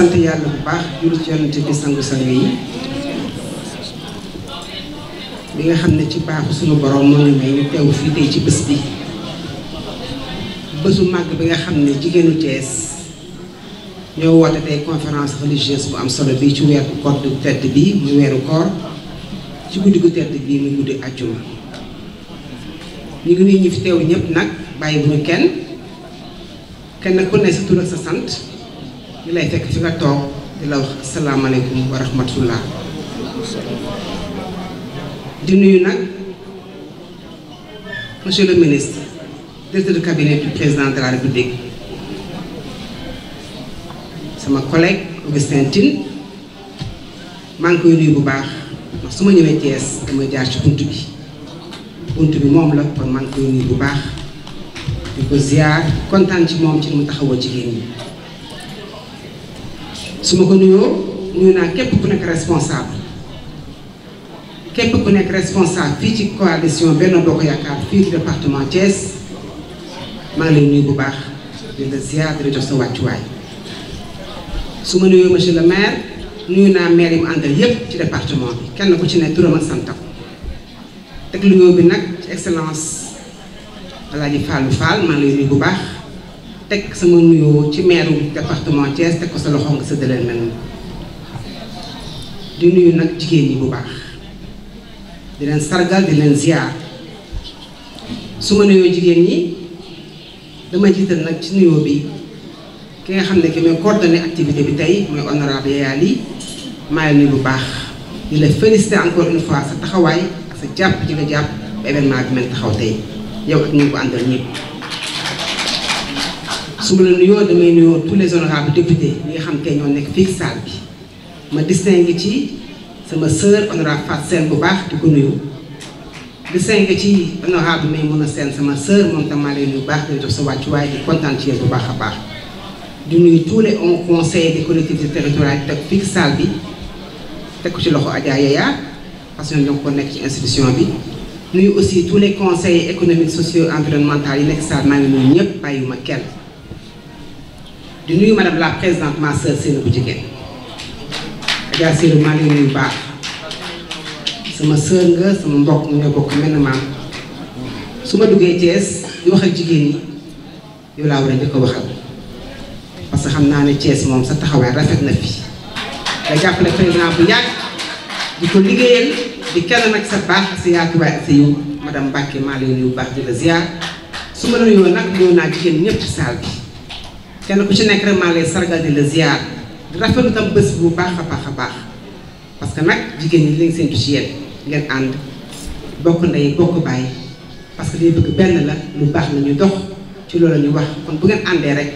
sant yàlla bu baax jur ci yonent bi sangu-sang yi li nga xam ne ci baaxu suñu borom moo ñu may ñu teew fii tey ci bés bi bésu màgg bi nga xam ne jigéenu cees ñoo woote tey conférence religieuse bu am solo bi ci weeru koor du tedd bi muy weeru koor ci guddi gu tedd bi muy guddi àjjuma ñu ñi fi teew ñëpp nag bàyyi bu ñu kenn kenn ku ne sa tur sa sant ñu lay fekk fi nga toog di nuyu nag monsieur le ministre directeur de cabinet du président de la république sama collègue Augustin Tine maa ngi koy nuyu bu baax ndax su ma ñëwee Thiès damay jaar ci bunt bi bunt bi moom la kon maa koy nuyu bu baax di ko ziar kontaan ci moom ci nu mu taxawoo jigéen ñi. su ma ko nuyoo nuyu naa képp ku nekk responsable képp ku nekk responsable fii ci coalition Benno Bokk Yaakaar fii ci département Thiès maa ngi lay nuyu bu baax di la ziar di la jox sa wàccuwaay su ma nuyoo monsieur le maire nuyu naa maire yi mu àndal yépp ci département bi kenn ku ci ne turam santa santam teg lu nuyoo bi nag ci excellence Alaaji Fallou Fall maa ngi lay bu baax teg sama nuyoo ci maire département Thiès teg ko sa loxo nga séddale mel ni di nuyu nag jigéen ñi bu baax di leen sargal di leen ziar su ma nuyoo jigéen ñi dama jiital nag ci nuyoo bi ki nga xam ne ki mooy coordonné activité bi tey mooy honorable yayaal yi maa ngi nuyu bu baax di la féliciter encore une fois sa taxawaay ak sa jàpp ji nga jàpp ba événement bi mel taxaw tey yow ak ñu ko àndal ñëpp. su ma la nuyoo damay nuyoo tous les honorables députés ñi xam te ñoo nekk fii salle bi ma distingue ci sama sœur honorable Fatou bu baax di ko nuyu. distingue ci honorable Maïmouna Sène sama sœur moom tam maa lay nuyu sa wàccuwaay di kontaan ci bu baax a baax. di nuyu tous les hauts conseillers des collectivités territoriales teg fii salle bi ci loxo Adja Yaya parce que ñoom ñoo nekk ci institution bi. nuyu aussi tous les conseils économiques sociaux environnementaux yi nekk salle maa ngi moom ñëpp bàyyiwuma kenn. di nuyu madame la présidente ma sœur Sénégal bu jigéen Adja Sénégal maa ngi nuyu baax sama sœur nga sama mbokk nga bokk mel na maam su ma duggee Thiès di wax ak jigéen ñi yow laa war a njëkk waxal parce que xam naa ne Thiès moom sa taxawaay rafet na fi nga jàppale président bu yàgg di ko liggéeyal di kenn nag sa baax ak sa yaatuwaay ak sa yiw madame Mbacke maa ngi lay nuyu baax di la ziar su ma la nuyoo nag ñëw naa jigéen ñëpp ci saal bi. kenn ku ci nekk rek maa lay sargal di la ziar di rafetlu tam bés bu baax a baax a baax parce que nag jigéen ñi li nga séntu ci ngeen ànd bokk ndey bokk bàyyi parce que liy bëgg benn la lu baax la ñu dox ci loolu la ñu wax kon bu ngeen àndee rek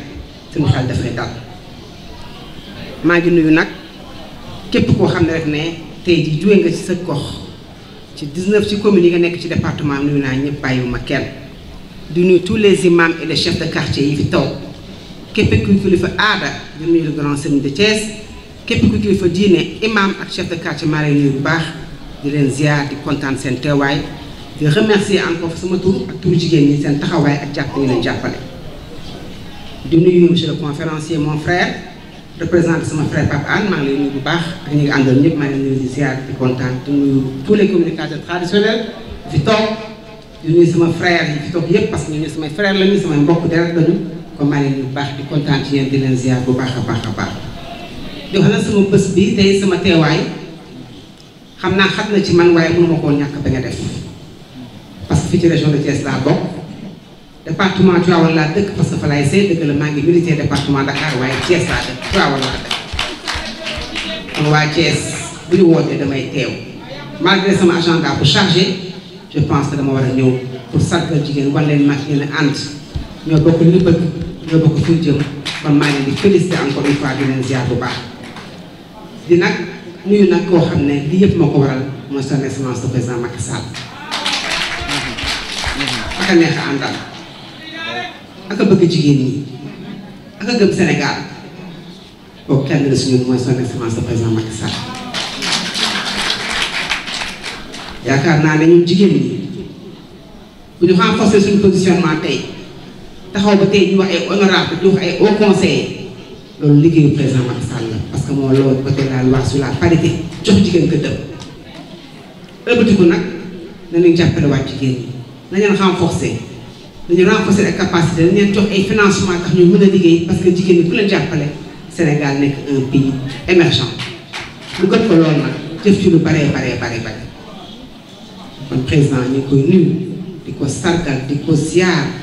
su ma xel dafay dal. maa ngi nuyu nag képp koo xam ne rek ne tey ji jóge nga ci sa gox ci 19 ci communes yi nga nekk ci département nuyu naa ñëpp bàyyiwuma kenn di nuyu tous les imams et les de quartier yi fi taw. képp kuy kilifa aada ñu nuyu le grand serigne de Thiès képp kuy kilifa diine imam ak chef de quartier maa lay nuyu bu baax di leen ziar di kontaan seen teewaay di remercier encore sama tur ak turu jigéen ñi seen taxawaay ak jàpp ñu leen jàppale. di nuyu monsieur le conférencier mon frère représenté sama frère Pape maa ngi lay bu baax ak ñi ñëpp maa ngi nuyu di ziar di kontaan di nuyu tous les communicateurs traditionnels fi toog di nuyu sama frère yi fi toog yëpp parce que ñu samay frère lañu samay mbokk deret kon maa leen bu baax di kontaan ci yéen di leen ziar bu baax a baax a baax di wax la sama bés bi tey sama teewaay xam naa xam na ci man waaye mënu ma koo ñàkk ba nga def parce que fii ci région de Thiès laa bokk département Tivaouane laa dëkk parce que fa laay sey dëgg la maa ngi militaire département Dakar waaye Thiès laa dëkk Tivaouane laa dëkk kon waa Thiès bu ñu wootee damay teew malgré sama agenda bu chargé je pense que dama war a ñëw pour sargal jigéen war leen mag ñu ñoo bokk li ñu bëgg ñoo bokk fi ñu jëm ba maa ngi di félicité encore di leen ziar bu baax di nag nuyu nag koo xam ne li yëpp moo ko waral mooy son excellence le président Macky Sall ak a neex a bëgg jigéen ñi ak a gëm Sénégal boobu kenn la suñu mooy son excellence le président Macky Sall yaakaar naa ne ñun jigéen ñi bu ñu renforcer suñu positionnement tey taxaw ba tey ñu wax ay o di wax ay loolu liggéeyu président Macky Sall la parce que moo loolu côté la loi jox jigéen ko dëpp ëbbatiku nag nañu jàppale waa jigéen ñi nañu leen renforcer dañu renforcer ay capacité dañu leen jox ay financement tax ñu mën a liggéey parce que jigéen ñi ku jàppale Sénégal nekk un pays émergent lu gën ko loolu nag jëf ci lu baree baree baree bare kon président ñu koy nuyu di ko sargal di ko ziar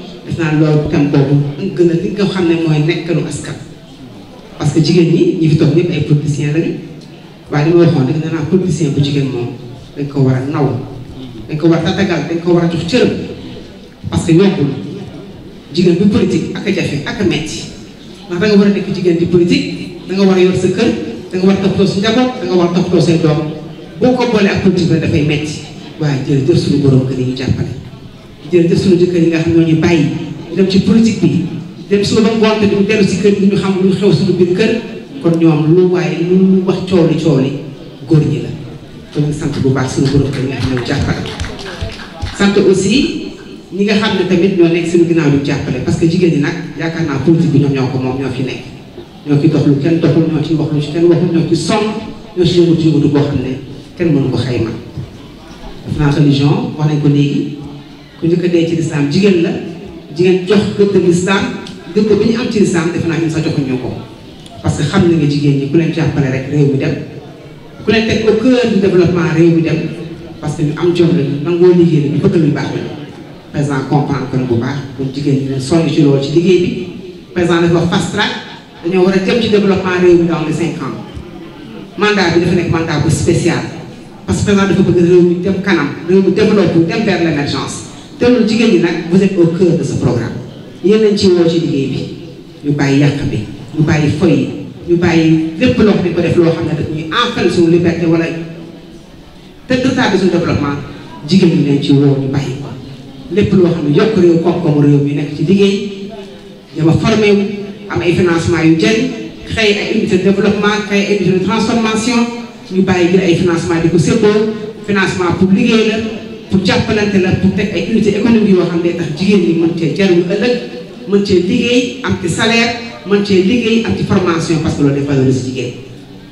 naa loolu tam boobu gën a li nga xam ne mooy nekkalu askan parce que jigéen ñi ñi fi toog ñëpp ay politicien lañu waaye li ma bu jigéen moom dañ ko war a naw dañ ko war a dañ ko war a jox cërëm parce que yombul jigéen bu politique ak a jafe ak a metti ndax da nga war a nekk jigéen di politique da war a yor sa kër da war a toppatoo sa njaboot da nga war a toppatoo say doom boo ko boolee ak politique la dafay metti waaye jërëjëf suñu borom kër yi nga xam ñoo bàyyi ñu dem ci politique bi dem suba ba ngoon ñu xam lu xew suñu biir kër kon ñoom lu waaye lu wax góor ñi la kon bu baax suñu borom kër sant aussi ñi nga xam ne tamit ñoo nekk suñu ginnaaw ñu jàppale parce que jigéen ñi nag yaakaar naa politique bi ñoom ñoo ñoo fi nekk lu kenn doxul ñoo ci wax lu ci kenn waxul boo xam ne kenn mënu ko xayma def naa religion wax nañ ko léegi ku njëkk dee ci lislaam jigéen la jigéen jox gëdd lislaam gëdd bi ñu am ci lislaam defe naa ñun sax joxuñu ko parce que xam na nga jigéen ñi ku leen jàppale rek réew mi dem ku leen teg au cœur du développement réew mi dem parce que ñu am jox lañu nangoo liggéey lañu bëgg lu baax lañu président que bu baax kon jigéen ñi leen sonn ci ci liggéey bi président dafa wax fast track dañoo war a jëm ci développement réew mi dans les cinq ans mandat bi dafa nekk mandat bu spécial parce que président dafa bëgg réew mi dem kanam réew mi développé dem vers l' te loolu jigéen ñi nag vous êtes au cœur de ce programme yéen lañ ci woo ci liggéey bi ñu bàyyi yàq bi ñu bàyyi foy ñu bàyyi lépp loo xam ne ko def loo xam ne daf ñuy enfreindre suñu liberté wala te retardé suñu jigéen ñi leen ci woo ñu bàyyi lépp loo xam ne yokk réew koom nekk ci liggéey dama formé wu am ay financement yu jëriñ créé ay unité de développement créé ay unité transformation ñu bàyyi ngir ay financement di ko séddoo financement pour liggéey la pour jàppalante la pour teg ay unité économique yoo xam ne tax jigéen ñi mën cee jariñu ëllëg mën cee liggéey am ci salaire mën cee liggéey am ci formation parce que loolu dafa yore jigéen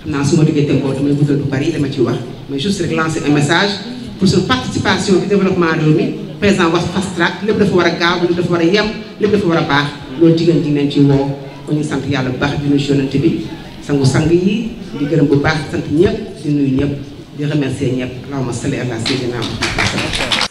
xam naa su ma diggante koo damay guddal bu bari dama ciy wax mais juste rek lancer un message pour suñu participation ci développement réew mi président wax fast track lépp dafa war a gaaw lépp dafa war a yam lépp dafa war a baax loolu jigéen ji leen ci woo ko ñu sant yàlla bu baax di nuyu yonante bi sangu sang yi di gërëm bu baax sant ñëpp di ñëpp di remercier ñëpp allahumma salli ala sayyidina Muhammad